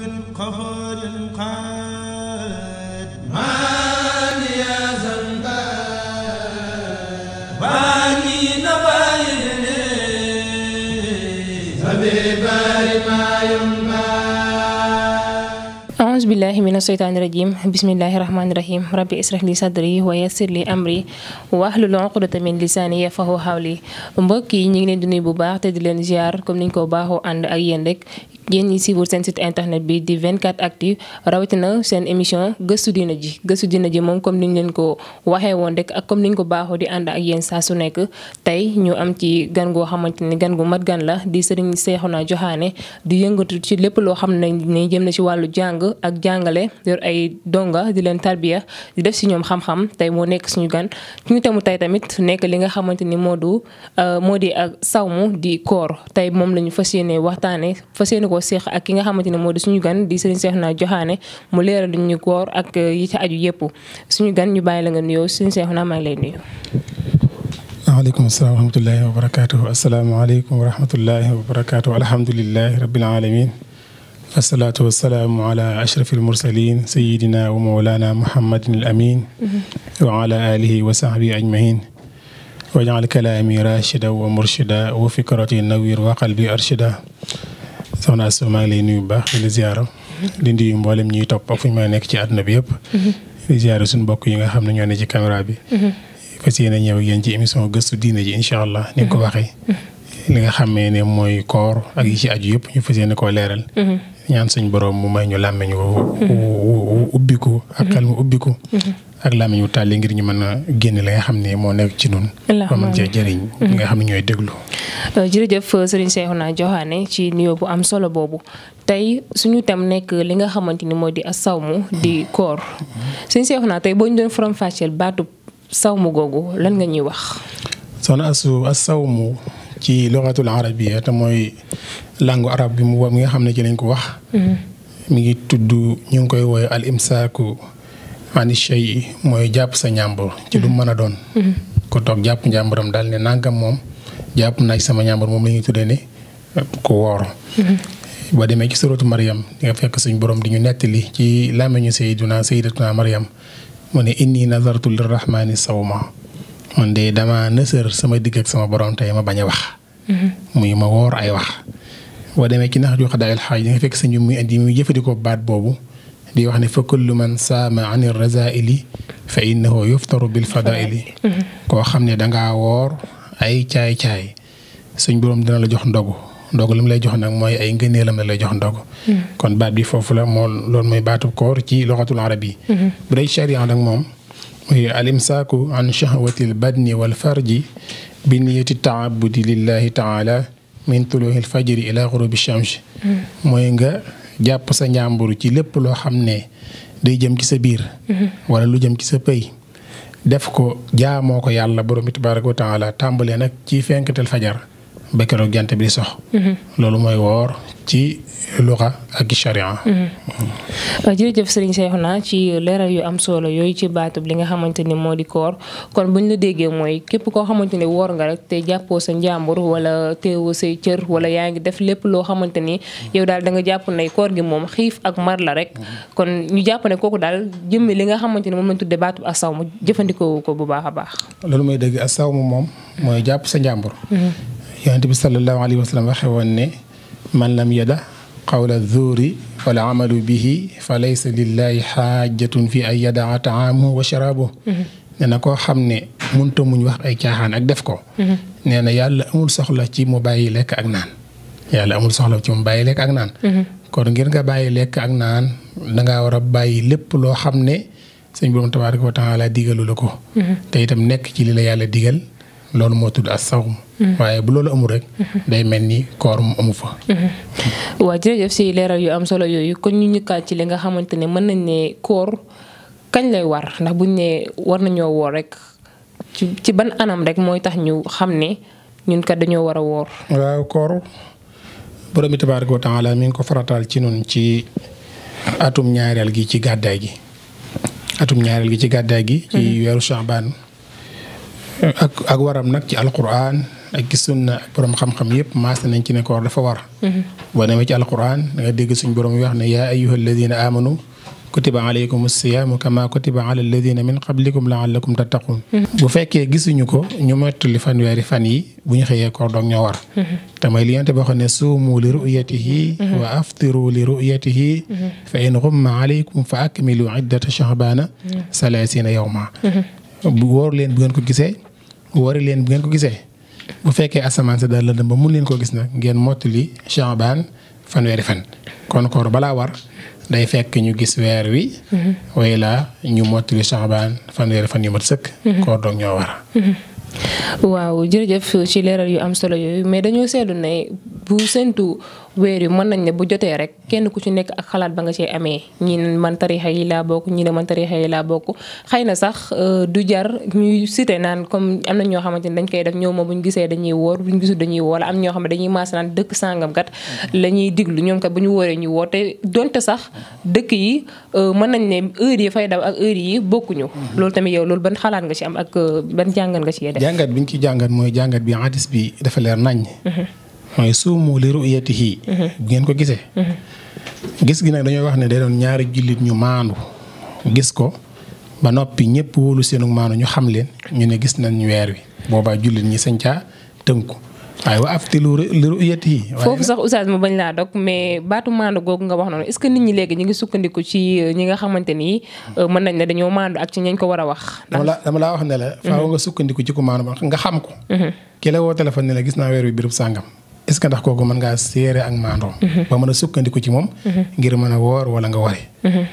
بالقهر القاد ما لي ذنبا واني نبايل فببار ما ينبا أعوذ بالله من الشيطان الرجيم بسم الله الرحمن الرحيم ربي اسرح لي صدري ويسر lii amri واحلل عقدة من لساني يفقهوا قولي mbokk yi ñu ngi leen di nuyu bu baax te di leen ziar comme niñ ko baaxoo ànd ak yéen rek yéen ñi siiwul seen site internet bi di 24 actu rawatina seen émission gëstu dina ji gëstu dina ji moom comme niñ leen ko waxe woon rek ak comme niñ ko baaxoo di ànd ak yéen saa su nekk tey ñu am ci gan goo xamante ni gan gu mat gan la di sëriñ Seexuna Joxaane di yëngatu ci lépp loo xam ne jëm na ci wàllu jàng ak jàngale yor ay donga di leen tarbiya di def si ñoom xam-xam tey moo nekk suñu gan suñu temu tey tamit su nekk li nga xamante ni moo du euh, moo di ak sawmu di koor tey moom la ñu fas yéene waxtaane fas yéene koo séq ak ki nga xamante ne moo di suñu gan di sëriñ Seexuna Joxaane mu leeral ñu koor ak euh, yi ci aju yëpp suñu gan ñu bàyyi la nga nuyoo sëriñ Seexuna maa ngi lay nuyu. waaleykum salaam wa rahmatullahi wa barakaatuhu asalaamaaleykum wa rahmatullahi wa barakaatuhu alhamdulilahi rabbil alamin asalaatu wasalaamu ala ashraf almursalin sayidina wa mawlana muhammadin al amin mm-hmm. wa ala alihi wa sahbi ajmahin wajal kalaami rachida wa murshida wa fikrati nawir wa qalbi arshida soxna Astou maa ngi bu baax di ziara di nuyu mboolem nekk ci àdduna bi yëpp. di ziara suñu yi nga xam ne ñoo ne ci caméra bi. fas yéene ñëw ak ci émission gëstu diine ji incha allah ko waxee. li nga xamee ne mooy koor ak yi ci aju yëpp ñu fas yéene ko leeral. ñaan suñu borom mu may ñu làmmeñ wu ubbiku ak xel mu ubbiku. ak làmmiñ wu tàlli ngir ñu mën a génne la nga xam ne moo nekk ci nun ba mën cee jëriñ ñi nga xam ne ñooy déglu euh, jërëjëf sëriñ Seexuna Joxaane ci nuyoo bu am solo boobu tey suñu tam nekk li nga xamante ni mooy di asawmu di koor sëriñ Seexuna tey boo ñu doon forom fàcceel baatu sawmu googu lan nga ñuy wax soxna asu asawmu ci luxatul arabiya te mooy langue bi mu mi nga xam ne ci lañ ko wax mm-hmm. mi ngi tudd ñu ngi koy woy al imsaaku ani yi mooy jàpp sa njàmbur ci lu mën a doon ku toog jàpp njàmburam daal ne nangam moom jàpp naa ci sama njàmbur moom la ñuy tuddee ne euh, ku woor ba demee ci suratu Maryam di nga fekk suñ borom di ñu nettali ci làmmiñu sayyiduna sayyidatuna Maryam ne inni nazartu lirrahmani sawma man de dama nësër sama digg ak sama borom tey ma bañ a wax muy ma woor ay wax boo demee ci nax ju xadaayil xaaj di fekk sañ bi muy indi muy jëfandikoo baat boobu di wax ne fa kullu man saama an razaili fa innahu yuftaru bil fadaili mm-hmm. koo xam ne dangaa woor ay caay-caay suñ boroom dina la jox ndogu ndogu li mu lay jox nag mooy ay ngëneelam la lay jox ndogu mm-hmm. kon baat bi foofu la moo loolu mooy baatu koor ci luxatul arab mm-hmm. bu day charia nag moom al imsaaku an shahwati l badni wal farji bi niyati taabudi lillahi taala min tuluhi l fajri ila gurubi shams mooy nga jàpp sa njàmbur ci lépp loo xam ne day jëm ci sa biir. Mm-hmm. wala lu jëm ci sa pëy. def ko jaamoo ko yàlla borom bi tabaaraka nag ci fenkatal fajar. ba keroog jant bi sox. Mhm. loolu mooy woor ci luxa ak charia. Mhm. Euh, jërëjëf sa Cheikhouna ci leeral yu am solo yooyu ci baatub li nga xamante ni moo di koor kon buñ la déggee mooy képp koo xamante ni woor nga rek te jàppoo sa njàmbur wala teewoo say cër wala yaa ngi def lépp loo xamante ni yow daal da nga jàpp ne koor gi moom xiif ak mar la rek. Mhm. kon ñu jàpp ne kooku daal jëmmi li nga xamante ni moom lañ tuddee baatub saw mu jëfandikoo ko bu baax a baax. loolu mooy dëgg asaw moom mooy jàpp sa njàmbur. yonent bi sallallahu alayhi wa sallam waxe woon ne man lam yada qawla zuuri wala amalu bihi fa laysa lillahi xaajatun fi ay yadaa taamuhu wa sharaabuhu mm-hmm. nee na koo xam ne munta muñ wax ay caaxaan ak def ko mm-hmm. nee na yàlla amul soxla ci mu bàyyi lekk ak naan yàlla amul soxla ci mu bàyyi lekk ak mm-hmm. kon ngir nga bàyyi lekk ak naan dangaa war a bàyyi lépp loo xam ne sëñ borom tabaaraka wa taala digalu la ko te itam nekk ci li la yàlla digal loolu moo tudd ak sawm mm-hmm. waaye bu loolu amul rek. Mm-hmm. day mel ni koor mu amu fa. Mm-hmm. waa jërëjëf si leeral yu am solo yooyu kon ñu ñëkkaat ci li nga xamante ne mën nañ ne koor kañ lay war ndax buñ ne war nañoo woor rek ci ci ban anam rek mooy tax ñu xam ne ñun kat dañoo war a woor. waaw koor borom bi tabaaraka wa taala mi ngi ko farataal ci noonu ci atum ñaareel gi ci gàddaay gi atum ñaareel gi ci gàddaay gi. ci weeru Shaaban ak ak waram nag ci alquran ak ci sunna ak borom xam-xam yëpp maas nañ ci ne koor dafa war. Mm-hmm. boo demee ci alquran da nga dégg suñ borom yi wax ne a ayyuha alladina amanu kutiba alaykum siyaamu kama kutiba ala a min qablikum laallakum tattaqun mm-hmm. bu fekkee gisuñu ko ñu mottali fanweeri fan yi bu ñu xëyee koor doog ñoo war mm-hmm. te mooy li yonte boo xam ne suumu li ru'yatihi wa aftiru li ru'yatihi fa in gumma alaykum fa akmilu iddata shahbana salaasina yawma bu wóor leen bu ngeen ko gisee wari leen bu ngeen ko gisee bu fekkee asamaan si daal lëndëm ba mun leen koo gis nag ngeen mottali Shaaban fanweeri fan kon koor balaa war day fekk ñu gis weer wi. Mhm. way la ñu mottali Shaaban fanweeri fan yu mat sëkk. Mhm. koor doog ñoo war. Mhm. waaw jërëjëf ci leeral yu am solo yooyu mais dañoo seetlu ne bu séntu weer yi mën nañ ne bu jotee rek kenn ku ci nekk ak xalaat ba nga cee amee ñi ne man tarixa yi laa bokk ñi ne man tarixa yi laa bokk xëy na sax euh, du jar ñuy cité naan comme am na ñoo xamante ne dañ koy def ñëw ma buñ gisee dañuy woor buñ gisul dañuy woor am ñoo xam ne dañuy maas dëkk sàngam kat la ñuy diglu ñoom kat bu ñu wooree ñuy woor te donte sax dëkk yi euh, mën nañ ne heure yi fay daw ak heure yi bokkuñu mhm. loolu tamit yow loolu ban xalaat nga ci am ak euh, ban jàngat nga ci def jàngat bi ñu ci jàngat mooy jàngat bi hadis bi dafa leer nañ mhm. mooy suumu li ru'yatihi bu mm-hmm. ngeen ko gisee. Mm-hmm. gis gi nag dañoo wax ne day doon ñaari jullit ñu maandu gis ko ba noppi ñëpp wóolu seenu maandu ñu xam leen ñu ne gis nañ weer wi boobaa jullit ñi sañ caa tënku. waaye wa aftilu li ru'yatihi foofu sax oustaz ma bañ laa dog mais baatu maandu googu nga wax na est-ce nit ñi léegi ñu ngi sukkandiku ci euh, ñi nga xamante ni euh, mën nañ ne dañoo maandu ak ci ñañ ko war a wax. dama la dama laa wax ne la. faaw mm-hmm. nga sukkandiku ci ku maandu ba nga xam ko. woo téléphone la gis naa weer wi sàngam. est ce que ndax kooku mën ngaa séere ak maandoo. Mhm. ba mën a sukkandiku ci moom. Mhm. ngir mën a woor wala nga wari. Mhm.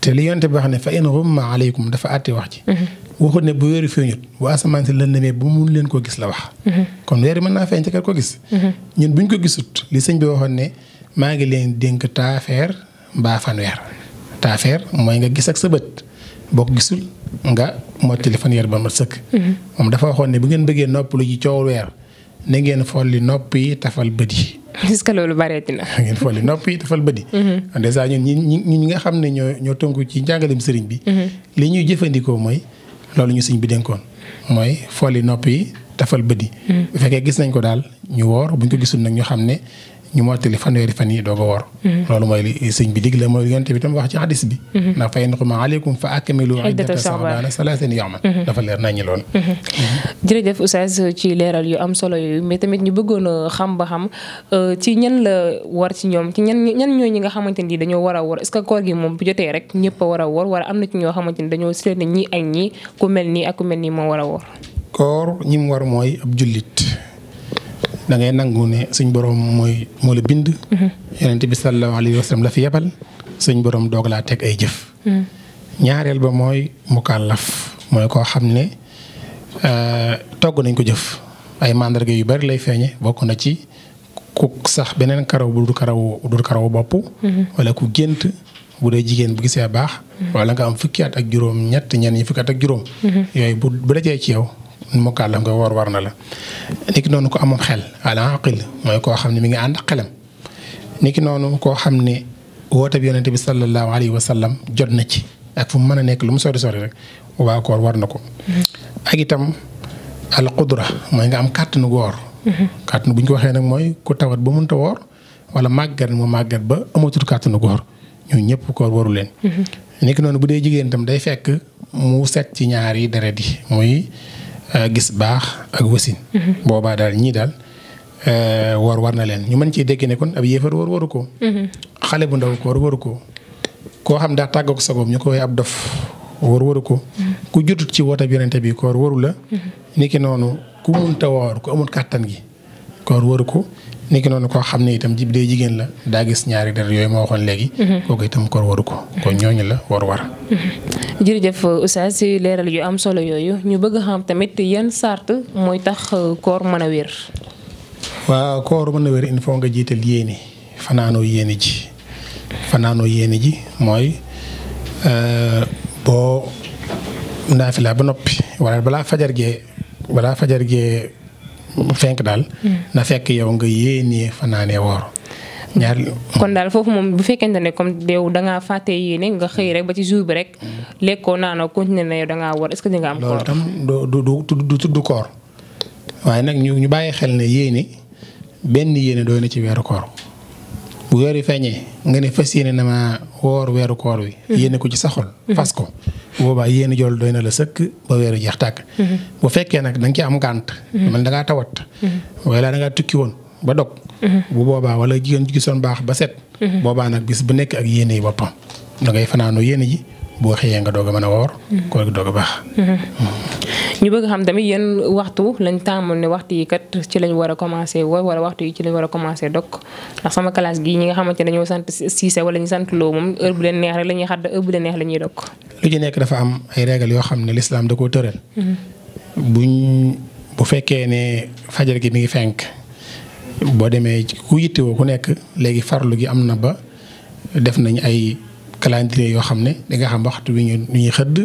te li yonte bi wax ne fa in ghumma aleykum dafa wax ci. waxut ne la wax. kon weeri mën naa feeñ te kat ko gis. ñun buñ ko gisut li sëñ bi waxoon ne maa ngi leen dénk taafeer mbaa fanweer. taafeer mooy nga gis ak sa bët boo ko gisul nga mottali fanweer ba mat sëkk. moom dafa waxoon ne bu ngeen bëggee noppalu ji coow weer. na ngeen folli nopp yi tafal bët yi. est-ce que loolu bareeti na. na ngeen folli nopp yi tafal bët yi. Mhm. dèjà ñun ñi ñi nga xam ne ñoo ñoo tënku ci njàngaleem sëriñ bi. Mhm. li ñuy jëfandikoo mooy loolu ñu sëriñ bi dénkoon mooy folli nopp yi tafal bët yi. Mhm. bu fekkee gis nañ ko daal ñu woor buñ ko gisul nag ñu xam ne ñu mottali fanweeri fan yi doog a woor mhm. loolu mooy li sëñ bi digle mooy yonte bi tam wax ci hadis bi mhm. ndax fa in xuma aleykum fa akamilu iddata saxbaana salaasin yawman mhm. dafa leer nañu lool jërëjëf oustaz am xam ba xam euh, ci ñan la war ci ñoom ci ñan ñan ñooy ñi nga xamante ni dañoo war a woor est-ce que koor gi moom a a woor wala na ci ñoo xamante ni dañoo sile ne ñi ak ñi ku mel nii ak ku mel nii moo war a woor koor ñi mu war mooy ab jullit da ngay nangu ne suñ boroom mooy moo la bind. Mhm. yonent bi sallallahu alayhi wa sallam la fi yebal suñ borom doog laa teg ay jëf. Mhm. ñaareel ba mooy mukallaf mooy koo xam ne euh, togg nañ ko jëf ay mandarga yu bari lay feeñe bokk na ci ku sax beneen karaw bu dul karaw bu dul karaw bopp. Mhm. wala ku gént bu dee jigéen bu gisee baax. wala nga am fukki at ak juróom ñett ñenn ñi fukki at ak juróom. yooyu bu dajee ci yow mukallaf nga war war na la niki noonu ko amoon xel al aqil mooy koo xam ne mi ngi ànd ak xelam niki noonu koo xam ne woote bi yonente bi sallallahu alayhi wa sallam jot na ci a nekk lu mu na ko mm-hmm. ak itam al qudra mooy nga am kàttanu woor mm-hmm. kàttanu bu ñu ko waxee nag mooy ku tawat ba mënta woor wala màggat mu màggat ba amatul kàttanu woor ñu ñëpp koor waru leen mm-hmm. nekk noonu bu dee jigéen itam day fekk mu set ci ñaari deret yi muy a euh, gis baax ak wasin mhm. boobaa daal ñii daal euh, war war na leen ñu mën cee dégg ne kon ab yéefar war waru ko mhm. xale bu ndaw ko war ko koo xam daa tàggook sagoom ñu ko woy ab dof war waru ko mhm. ku jutut ci woota bi yonente bi ko war waru la niki noonu ku munta woor ku amul kàttan gi koor waru ko nekki noonu ko xam ne itam ji dee jigéen la daa gis ñaari der yooyu ma waxoon léegi. Mhm. kooku itam koor waru ko. ñooñu la war war. Mhm. jërëjëf a si leeral yu am solo yooyu ñu bëgg xam tamit yan sart mooy tax koor mën a wér. waaw koor mën a wér il faut nga jiital yéene fanaanoo yéene ji fanaanoo yéene ji mooy euh, boo naafila ba noppi wala balaa balaa fajar fenk daal. Hmm. na fekk yow nga yéenee fanaanee woor. ñaar hmm. kon daal foofu moom bu fekkente ne comme yow da ngaa fàtte yéene nga xëy rek ba ci jour bi rek. Hmm. lekkoo naanoo continuer na yow danga ngaa woor est-ce que di am. koor loolu tam du du du tudd koor. waaye nag ñu ñu bàyyi xel ne yéene benn yéene doy na ci weeru koor bu weer yi feeñee nga ne fas yéene na ma woor weeru koor wi. yéene ko ci sa fas ko. boobaa yéen jool doy na la sëkk ba weeru jeex tàkk mm-hmm. bu fekkee nag da nga ci am gànt man mm-hmm. da ngaa tawat mm-hmm. wala da ngaa tukki woon ba dog bu boobaa wala jigéen ju gisoon baax ba set boobaa nag bis bu nekk ak yéene yi boppam da ngay fanaanoo yéene ji boo xëyee nga doog a a woor. Mhm. koor gi doog a baax. Mhm. Mhm. ñu bëgg xam tamit yéen waxtu lañ tàmmal ne waxtu yi kat ci lañ war a commencé woor wala waxtu yi ci lañ war a commencé dog ndax sama classe gi ñi nga xamante ne dañoo sant siise wala ñu sant loo moom heure leen neex rek la ñuy xadd heure bu leen neex la ñuy dog. lu ci nekk dafa am ay régal yoo xam ne lislaam da koo tëral. buñ bu fekkee ne fajar gi mi ngi fenk boo demee ku yittewoo ku nekk léegi farlu calendrier yoo xam ne di nga xam waxtu wi ñu ñuy xëdd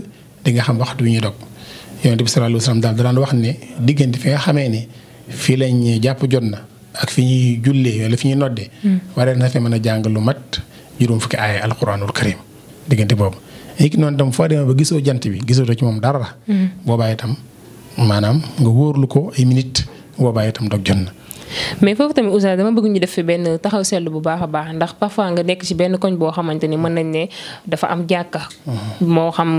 di nga xam waxtu wi ñu dog yonent bi sallallahu alayhi wasallam daal daan wax ne diggante fi nga xamee ne fii lañ jàpp jot na ak fi ñuy jullee wala fi ñuy noddee. Hmm. waree na fi mën a jàng lu mat juróom fukki aaya alquranul karim diggante boobu. léegi noonu tam foo demee ba gisoo jant bi gisatoo ci moom dara. Hmm. boobaa itam maanaam nga wóorlu ko ay minute boobaa itam dog jot na. mais foofu tamit Oustaz dama bëgg ñu def fi benn taxaw seetlu bu baax a baax ndax parfois nga nekk ci benn koñ boo xamante ni mën nañ ne dafa am jàkka. Mhm. moo xam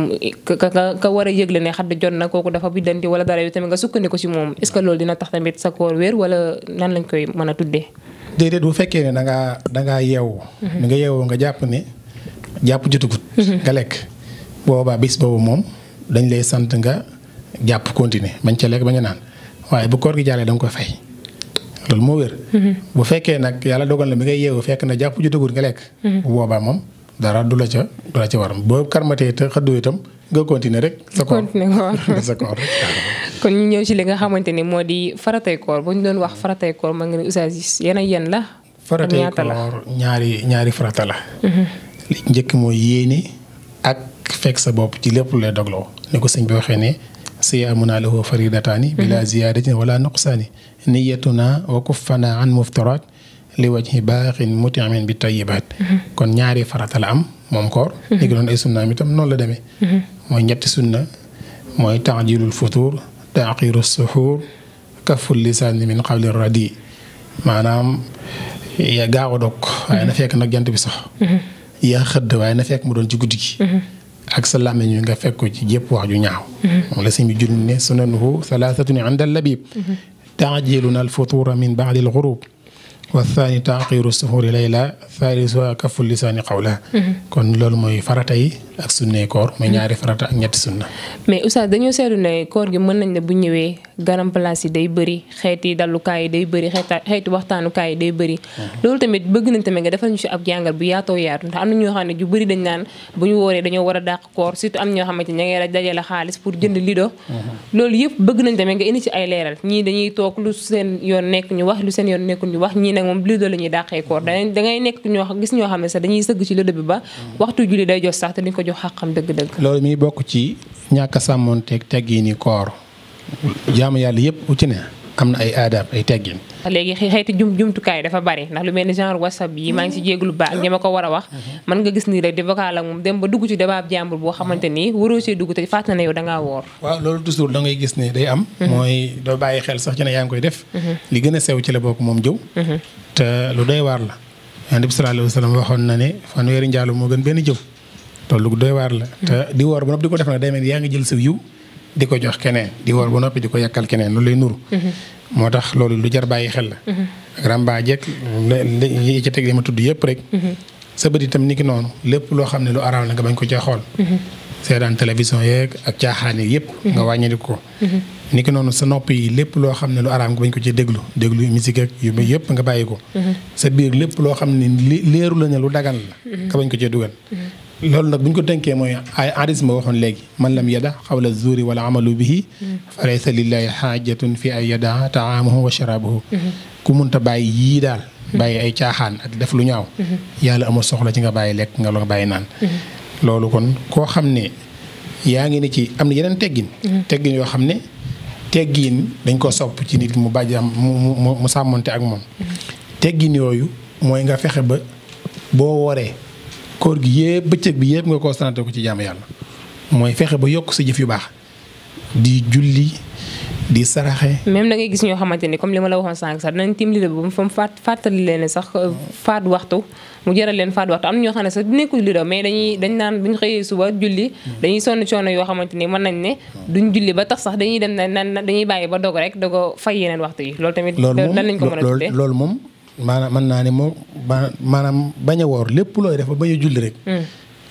ka ka war a yëgle ne xadd jot na kooku dafa biddanti wala dara yu tamit nga sukkandiku ci moom est-ce que loolu dina tax tamit sa koor wér wala nan lañ koy mën a tuddee. déedéet bu fekkee ne da ngaa da ngaa yeewu. Mhm. ni nga yeewoo nga jàpp ne jàpp jotagut. Mhm. nga lekk boobaa bis boobu moom dañ lay sant nga jàpp continuer bañ ca lekk bañ a naan waaye bu koor gi jàllee da nga koy fay. loolu moo wér. Mhm. bu fekkee nag yàlla dogal na bi ngay yeewu fekk na jàpp ju dugul nga lekk. Mhm. bu boobaa moom dara du la ca du la ca waram boo karmatee te xëddoo itam nga continuer rek. sa koor sa koor kon ñu ñëw ci li nga xamante ni moo di faratay koor ba ñu doon wax faratay koor ma nga ne oustaz yan ak yan la. faratay koor ñaari ñaari farata la. Mhm. li njëkk mooy yéene ak fekk sa bopp ci lépp lay dogloo ni ko sëñ bi waxee ne siyaamunaa lahu faridataani bila ziyaadatin wala nuqsaani niyatuna wa kuffana an muftarat li wajhi baaxin mutimin bi tayyibaat mhm. kon ñaari farata la am moom koor mhm. ni ki doon ay sunna mi tam noonu la demee mhm. mooy ñetti sunna mooy taajilul futuur taaqiru suxuur kaful lisaani min qabli radi maanaam yaa gaaw a dog waaye na fekk nag jant bi sax yaa xëdd waaye na fekk mu doon ci guddi gi ak sa làmmiñ wi nga fekk ci jépp wax ju ñaaw moom la sëñ bi jur ne sunanuhu salaasatun inda labib taajiluna alfutuura min baadi alxurub wa thani taaxiru suhuri layla thaalisuha kafu lisaani qawla kon loolu mooy farata yi ak sunnee koor muy ñaari farata ak ñetti sunna mais oustaz dañoo seetlu ne koor gi mën nañ ne bu ñëwee garam place yi day bëri xeeti dallukaay yi day bëri xeeti waxtaanukaay yi day bëri mhm. loolu tamit bëgg nañ tamit nga defal ñu si ab jàngal bu yaatoo yaatu ndax am na a dàq koor surtout am ñoo xamante ña ngi dajale xaalis mhm. ñu wax lu seen yoon nekkul ñu wax ñii nag moom lido la ñuy da ngay nekk ñoo mhm. ko jox xàqam dëgg-dëgg loolu mi bokk ci ñàkk sàmmoonteeg teggiini koor jaamu yàlla yëpp ku ci ne am na ay aadaab ay teggin. léegi xeeti jumtukaay dafa bari ndax lu mel genre whatsapp yi maa ngi si jéeglu baax ña ma ko war a wax. Mhm. mën nga gis nii rek di vocal ba dugg ci débat jàmbur boo xamante ni waroo see dugg te fàttali na yow da ngaa da ngay gis ne day am. Mhm. mooy doo bàyyi xel sax ci ne yaa ngi koy def. Mhm. li gën a sew ci la bokk moom jëw. te lu doy waar la. yonent bi sallallahu alayhi wa sallam waxoon na ne fanweeri njaalu moo gën benn jëw. te lu doy waar la. te di woor ba noppi di ko def nag day mel yaa ngi jël sa yiw di ko jox keneen di wor ba noppi di ko yàkkal keneen lu lay nuru. Mm-hmm. moo tax loolu lu jar bàyyi xel la. ak mm-hmm. ràmbaa jekk li ci teg li ma tudd yëpp rek. Mm-hmm. sa bët itam ni ki noonu lépp loo xam ne lu araam la nga bañ ko cee xool. seetaan télévision yeeg ak caaxaan yëpp. nga wàññi ko. ni ki noonu sa nopp yi lépp déglu déglu musique yu ba yëpp nga bàyyi ko. sa biir lépp loo xam ne li la ne lu dagan la. nga bañ ko cee dugal. loolu nag bu ñu ko tënkee mooy ay ma waxoon léegi man lam yada xawla zuuri wala amalu bihi falaysa lillahi xaajatun fi ay yada taamuhu wa sharabuhu ku munta bàyyi yii ay caaxaan ak def lu ñaaw amul soxla ci nga bàyyi lekk nga la bàyyi naan loolu kon koo xam ne yaa ngi ne ci am na yeneen teggin teggin yoo xam ne teggin dañ ko sopp ci nit mu bàjjam mu mu sàmmonte ak moom teggin yooyu mooy nga fexe ba boo woree koor gi yëpp bëccëg bi yëpp nga concentré ko ci jaamu yàlla mooy fexe ba yokk sa jëf yu baax di julli di saraxe. même da ngay gis ñoo xamante ni comme li ma la waxoon sànq sax dinañ tiim li la ba mu faat fàttali leen sax euh, faat waxtu mu jaral leen faat ñoo xam ne sax du nekkul mais dañuy dañ naan bu xëyee suba julli. dañuy sonn coono yoo xamante ni mën nañ ne duñ julli ba tax sax dañuy dem na dañuy bàyyi ba dog rek dogo fay yeneen waxtu yi loolu tamit. lan lañ ko a tuddee loolu moom maanaam mën naa ne moom maanaam bañ a woor lépp looy def ba bañ a julli rek. Hmm.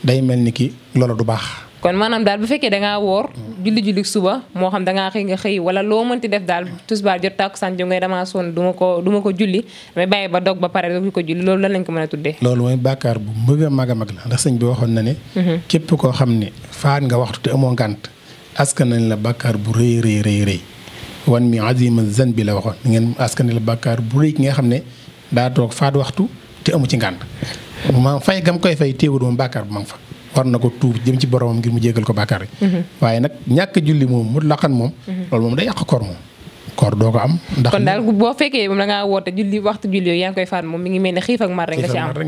day mel ni ki loola du baax. kon maanaam daal bu fekkee da ngaa woor. julli julli suba moo xam da ngaa xëy nga xëy wala loo mënti def daal tisbaar jot tàkkusaan jëm ngay damaa sonn du ma ko ko julli damay bàyyi ba dog ba pare doog ko julli loolu lan lañ ko mën a tuddee. loolu mooy bàkkaar bu mbëgg a mag a mag la ndax sëñ bi waxoon na ne. Hmm. képp koo xam ne faat nga waxtu te amoo ngànt askan nañ la bàkkaar bu rëy rëy rëy bi la waxoon ngeen askan la bàkkaar daa toog faat waxtu te amu ci ngànt maam fay gam koy fay téewul moom bàkkaar bu ma nga fa war na ko tuub jëm ci boromam ngir mu jéggal ko bàkkaar yi mhm. waaye nag ñàkk julli moom mu laqan moom mhm. loolu moom day yàq koor moom koor doo ko am. ndax kon daal boo fekkee moom da ngaa woote julli waxtu julli yooyu yaa ngi koy faat moom mi ngi mel ne xiif ak mar rek nga ci am loolu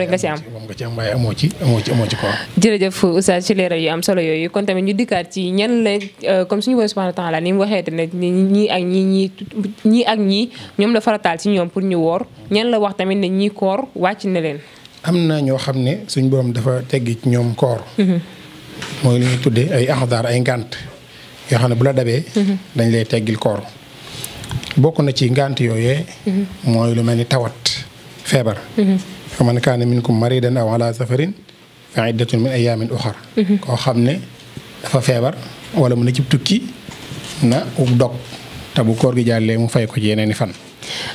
rek nga ci am moom nga ci am waaye ñu dikkaat ci la euh, wa taala ni mu waxee tamit na leen. am na ñoo xam ne suñu borom dafa teggi ci ñoom koor. Mm-hmm. mooy li ñuy tuddee ay axdaar ay ngànt yoo xam ne bu la dabee. Mm-hmm. dañ lay teggil koor bokk na ci ngànt yooyee mooy lu mel ni tawat feebar fa man kaana minkum maridan aw ala safarin fa iddatun min ayaamin uxar koo xam ne dafa feebar wala mu ne ci tukki na ub dog te bu gi jàllee mu fay ko ci yeneeni fan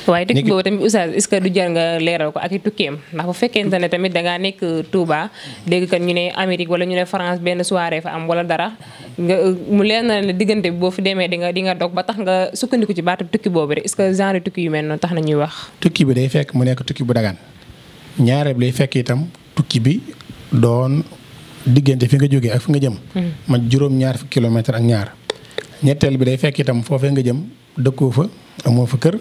waaye tukki boobu tamit oustaz est-ce que du jar nga leeral ko ak i tukkeem ndax bu fekkente ne tamit da nekk Touba dégg kat ñu ne Amérique wala ñu ne France benn soirée fa am wala dara nga mu leer na ne diggante boo fi demee di nga di nga dog ba tax nga sukkandiku ci baatu tukki boobu rek est-ce que genre tukki wax. tukki bi day fekk mu nekk tukki bu dagaan ñaareel bi day fekk itam tukki bi doon diggante fi nga jógee ak fi nga jëm. Hmm. man juróom-ñaar fukki kilomètre ak ñaar ñetteel bi day fekk itam foofee nga jëm dëkkoo fa amoo fa kër.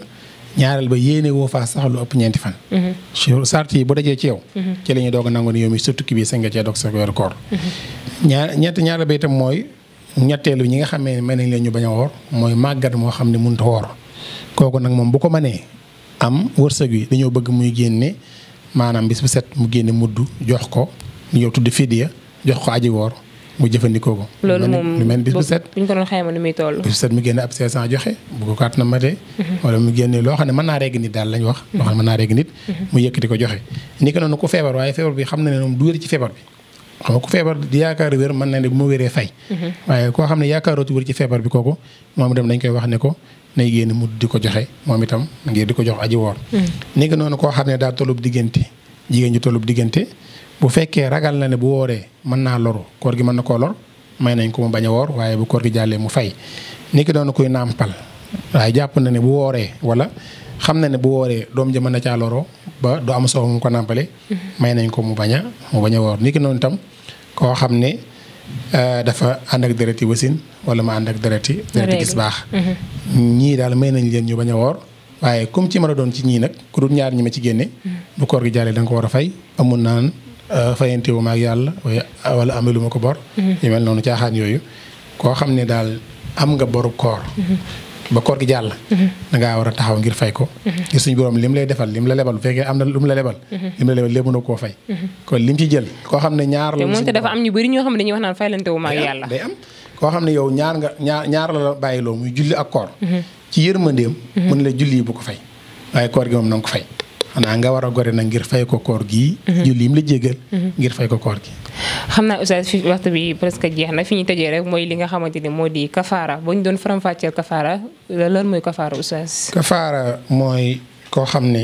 ñaareel ba yéene woo faa sax lu ëpp ñeenti fan. Mhm. sart yi bu dajee ci yow. Mhm. ci la ñuy doog a nangu ni yow mi sa tukki bi sañ cee dog sa weeru koor. Mhm. ñaar ñett ñaareel ba itam mooy ñetteelu ñi nga xam ne mën nañ leen ñu bañ a woor mooy màggat moo xam ne mënut a woor kooku nag moom bu ko mënee am wërsëg wi dañoo bëgg muy génne maanaam bis bu set mu génne mudd jox ko ñëw tudd fidiya jox ko aji woor. mu jëfandikoo ko. loolu moom lu mel ni bis bu set. bu ñu ko doon xayma ni muy toll. bis bu set mu génne ab 500 joxe bu ko kàttan matee. Mhm. wala mu génne loo xam ne mën naa nit daal lañ wax. Mhm. loo xam ne mën naa nit. Mhm. mu yëkkati di ma wéree fay. waaye koo xam ne ko nay génn mu di ko joxe moom itam noonu koo xam ne daa tollub diggante jigéen ju tollub diggante bu fekkee ragal na ne bu wooree mën naa loru koor gi mën na koo lor may nañ ko mu bañ a woor waaye bu koor gi jàllee mu fay ni ki doon kuy nàmpal waaye jàpp na ne bu wooree wala xam na ne bu wooree doom ja mën na ba du am ko nàmpale mm-hmm. may nañ ko mu bañ a mu bañ a woor ni ki noonu itam koo xam ne euh, dafa ànd ak dereti wasin wala ma ànd ak dereti dereti gis baax mm-hmm. ñii daal may nañ leen ñu bañ a woor waaye comme ci mën a doon ci ñii nag ku dul ñaar ñi ma ci génne mm-hmm. bu koor gi jàllee da nga war a fay amul naan Euh, fayante wu ma ak yàlla wala amelu ma ko bor. Mm-hmm. yu mel noonu caaxaan yooyu. koo xam ne daal am nga boru koor. Mm-hmm. ba koor gi jàll. Mm-hmm. da war a taxaw ngir fay ko. ngir suñu borom lim lay defal lim la lebal bu fekkee am na lu mu la lebal. lim la lebal lépp mënoo koo fay. kon lim ci jël koo xam ne ñaar la. moom te dafa am ñu bëri ñoo xam ne dañuy wax naan faylante wu ma ak yàlla. day am koo xam ne yow ñaar muy julli ak koor. ci yërmandeem. mën la julli bu ko fay waaye koor gi moom na fay. xanaa nga war a gore nag ngir fay ko koor gi julliim mhm. la jéggal mhm. ngir fay ko koor gi xam naa oustaz fi waxtu bi presque jeex na fi ñu tëjee rek mooy li nga xamante ni moo di kafaara boo ñu doon faram-fàcceel kafaara lan mooy kafaara oustaz kafaara mooy koo xam ne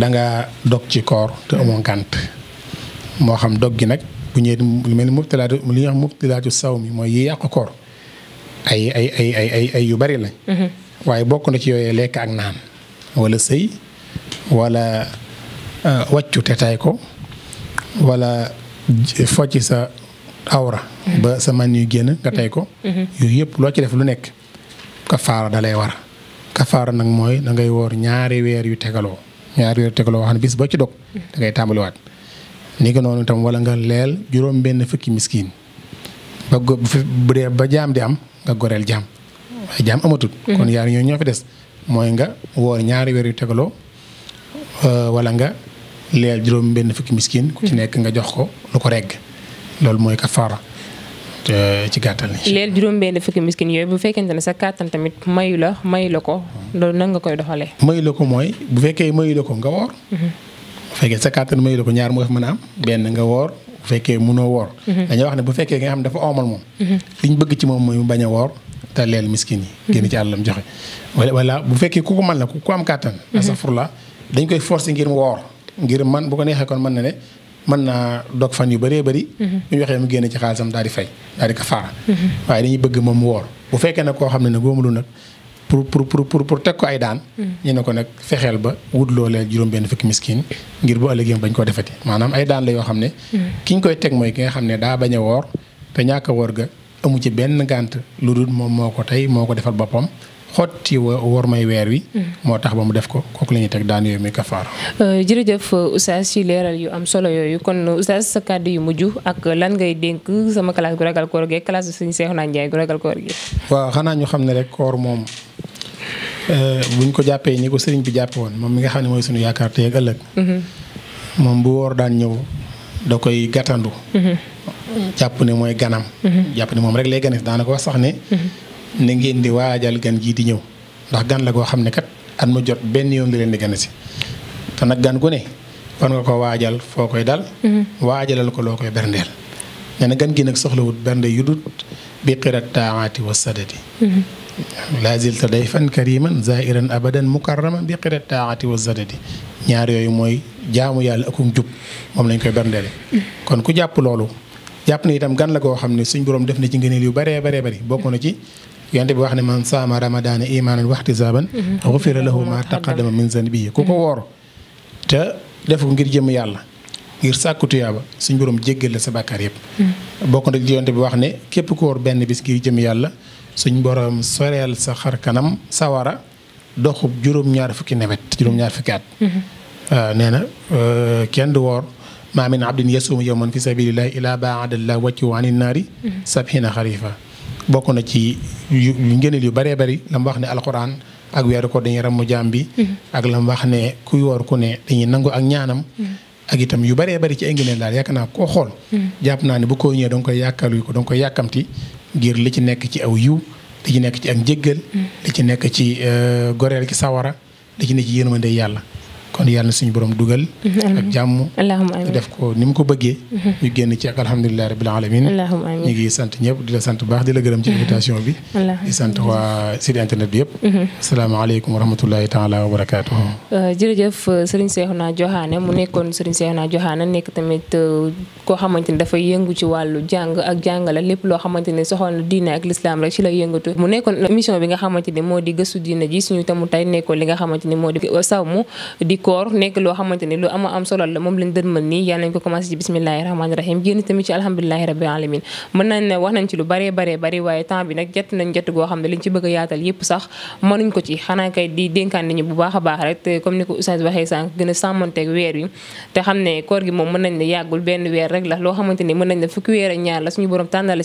danga dog ci koor te amoo ngànt moo xam dog gi nag bu ñëwee mel ni mubtilaatu li ñuy wax saw mi mooy yi yàq koor ay ay ay yu bari la mhm. waaye bokk na ci yooyee lekk ak naan wala sëy wala euh, wàccu te tay ko wala focc sa awra ba sa man yu génn nga tay ko mm-hmm. Mm-hmm. yooyu yëpp loo ci def lu nekk kafaara da lay war kafaara nag mooy da woor ñaari weer yu tegaloo ñaari weer yu tegaloo xam ne bis ba ci dog mm-hmm. da ngay tàmbaliwaat ni ko noonu itam wala nga leel juróom benn fukki miskiin ba go ba jaam di am nga goreel jaam waaye jaam amatul kon yaar ñoo ñoo fi des mooy nga woor ñaari weer yu tegaloo Euh, wala nga leel juróom benn fukki miskin ku ci hmm. nekk nga jox ko lu ko regg loolu mooy kafaara ci gàttal leel juróom benn fukki miskin yooyu bu fekkente ne sa kàttan tamit mayu la la ko hmm. loolu nan nga koy doxalee mayu la bu fekkee mayu la ko nga woor hmm. bu fekkee sa ko ñaar moo fi a am benn nga woor bu fekkee mënoo woor dañuy wax ne bu fekkee nga xam ne dafa omal moom liñ bëgg ci moom mooy mu bañ a woor te leel miskin yi génn ci àllam joxe wala bu fekkee ku ko mën la ku am kàttan asafurla dañ koy forcer ngir woor ngir man bu ko neexee kon mën na ne man naa dog fan yu bëree bëri. Mhm. bu ñu waxee mu génne ci xaalisam daal di fay daal di kafaara. Mhm. waaye dañuy bëgg moom woor bu fekkee nag koo xam ne nag góobalul nag pour pour pour pour teg ko ay daan. Mhm. ñu ko nag fexeel ba wut loolee juróom-benn fukki miskin ngir bu ëllëgee bañ koo defati maanaam ay daan yoo xam ne. ki ñu koy teg mooy ki nga xam ne daa bañ a woor te ñàkk a woor ga amu ci benn gànt lu dul moom moo ko tey moo ko defal boppam. xotti war may weer wi. Mm. moo tax ba mu def ko kooku la ñuy teg daan yooyu muy kafaar. Euh, jërëjëf oustaz ci leeral yu am solo yooyu kon oustaz sa kàddu yu mujj ak lan ngay dénk sama classe gu ragal koor gi ak classe suñu Seexuna Njaay gu ragal koor gi. waaw xanaa ñu xam ne rek koor moom euh, buñ ko jàppee ni ko sëriñ bi jàppe woon moom mi nga xam ne mooy suñu yaakaar tey ak ëllëg. Mm-hmm. moom bu woor daan ñëw da koy gàttandu. Mm-hmm. jàpp ne mooy ganam. Mm-hmm. jàpp ne moom rek lay ganes na ngeen di waajal gan gii di ñëw ndax gan la koo xam ne kat at mu jot benn yoon di leen di gane si te nag gan gu ne war nga ko waajal foo koy dal. Mhm. waajalal ko loo koy berndeel. nee na gan gi nag soxlawut bernde yu dut bi qirat taaati wa sadati. Mhm. laa zilta yi kariman zairan abadan mukarraman bi qirat taaati wa sadati ñaar yooyu mooy jaamu yàlla akum jub moom lañ koy berndeele. kon ku jàpp loolu jàpp na itam gan la koo xam ne suñ borom def na ci ngëneel yu baree baree bari bokk na ci. yonent bi wax ne man saama ramadaana imaanan wahtisaaban xufira mhm. lahu ma taqaddama min zanbihi ku ko woor te def ko ngir jëm yàlla ngir sàkku tuyaaba suñ borom jéggal la sa bàkkaar yëpp mhm. bokk na yonent bi wax ne képp ku woor benn bis ngir jëm yàlla suñ borom soreel sa xar kanam sawara doxub juróom-ñaar fukki nawet juróom-ñaar fukki at mhm. ah, nee na ah, kenn du woor maa min abdin yasuumu yawman fi sabilillahi ila baadallah wàccu wa anin naari sabhina xarifa bokk na ci yu yu baree bari la mu wax ne alxuraan ak weeru ko dañuy ramu jaam bi. Mm-hmm. ak la mu wax ne kuy woor ku ne dañuy nangu ak ñaanam. Mm-hmm. ak itam yu baree bari ci ay ngëneel daal yaakaar naa koo xool. Mm-hmm. jàpp naa ne bu ko ñëwee danga koy yàkkalu ko danga koy yàkkamti ngir li ci nekk ci aw yiw li ci nekk ci ak njëggal. li ci nekk ci euh, goreel ki sawara li ci nekk ci yërmande yàlla. kon yàlla na suñu borom dugal. ak jàmm. def ko ni mu ko bëggee. Mhm. ñu génn ci ak alhamdulilah rabbil alamin ñu ngi sant ñëpp di la sant baax di la gërëm ci mhm. invitation bi. di sant waa site internet bi yëpp. Mhm. asalaamaaleykum wa rahmatulahi taala wa barakaatu. Euh, jërëjëf euh, Serigne Cheikhouna Diokhané mu nekkoon Serigne Cheikhouna Diokhané nekk tamit euh, koo xamante ni dafay yëngu ci wàllu jàng ak jàngale lépp loo xamante ni na diine ak lislaam rek ci la yëngatu. mu nekkoon émission bi nga xamante ni moo di gëstu diine li nga xamante ni moo di koor nekk loo xamante ni lu ama am solo la moom lañ dënmal nii yàlla nañ ko commencé ci bismillahi rahmaani rahim génn tamit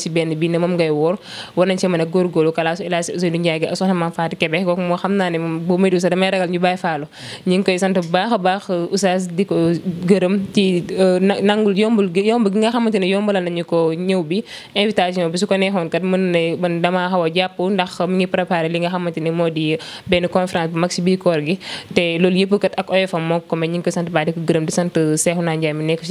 ci benn bii ne moom ngay woor war nañ si mën a góorgóorlu kalaasu Elhadji Ousseynou Ndiaye gi ak soxna Mame Fatou Kébé kooku moo xam naa ne boo maydu sax damay ragal ñu bàyyi faalu ñu ngi koy sant bu baax a baax euh, Oustaz di ko gërëm ci euh, nangul yombul yomb gi nga xamante ne yombalal nañu ko ñëw bi invitation bi su ko neexoon kat mën ne man a jàpp ndax mu ngi li nga xamante ne moo di euh, benn conférence bu mag si biir koor gi te loolu yëpp kat ak oyofam moo ko di ko gërëm di sant Cheikhouna Ndiaye mi nekk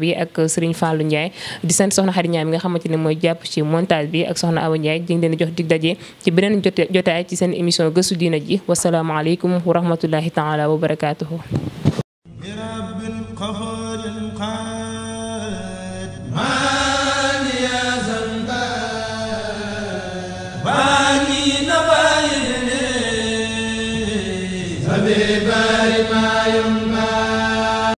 bi ak Serigne Fallou Ndiaye di sant soxna Khady Ndiaye mi ne mooy jàpp ci montage bi ak soxna Awa Ndiaye di leen jox dig daje ci beneen jotaay ci seen émission gëstu diina ji wasalaamaaleykum wa rahmatullahi taala wa boobu bari ma yom